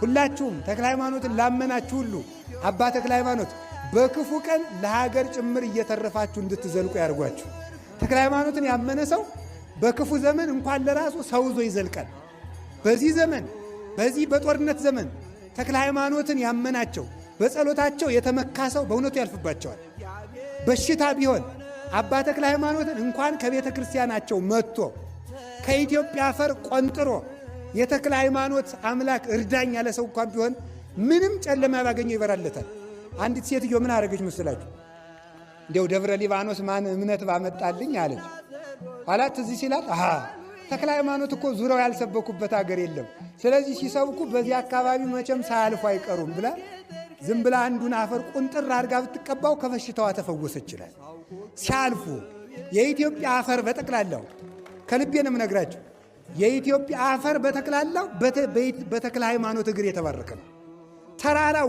ሁላችሁም ተክለ ሃይማኖትን ላመናችሁ ሁሉ አባ ተክለ ሃይማኖት በክፉ ቀን ለሀገር ጭምር እየተረፋችሁ እንድትዘልቁ ያርጓችሁ። ተክለ ሃይማኖትን ያመነ ሰው በክፉ ዘመን እንኳን ለራሱ ሰው ዞ ይዘልቃል። በዚህ ዘመን በዚህ በጦርነት ዘመን ተክለ ሃይማኖትን ያመናቸው በጸሎታቸው የተመካ ሰው በእውነቱ ያልፍባቸዋል። በሽታ ቢሆን አባ ተክለ ሃይማኖትን እንኳን ከቤተ ክርስቲያናቸው መጥቶ ከኢትዮጵያ አፈር ቆንጥሮ የተክለ ሃይማኖት አምላክ እርዳኝ ያለ ሰው እንኳን ቢሆን ምንም ጨለማ ባገኘው ይበራለታል። አንዲት ሴትዮ ምን አደረገች መስላችሁ? እንዲው ደብረ ሊባኖስ ማን እምነት ባመጣልኝ አለች። ኋላ እዚህ ሲላት ተክለ ሃይማኖት እኮ ዙሪያው ያልሰበኩበት አገር የለም፣ ስለዚህ ሲሰብኩ በዚህ አካባቢ መቼም ሳያልፉ አይቀሩም ብላ ዝም ብላ አንዱን አፈር ቁንጥር አድርጋ ብትቀባው ከበሽታዋ ተፈወሰች ይላል። ሲያልፉ የኢትዮጵያ አፈር በጠቅላላው ከልቤንም ነግራቸው የኢትዮጵያ አፈር በተክላላው በተክለ ሃይማኖት እግር የተባረከ ነው። ተራራው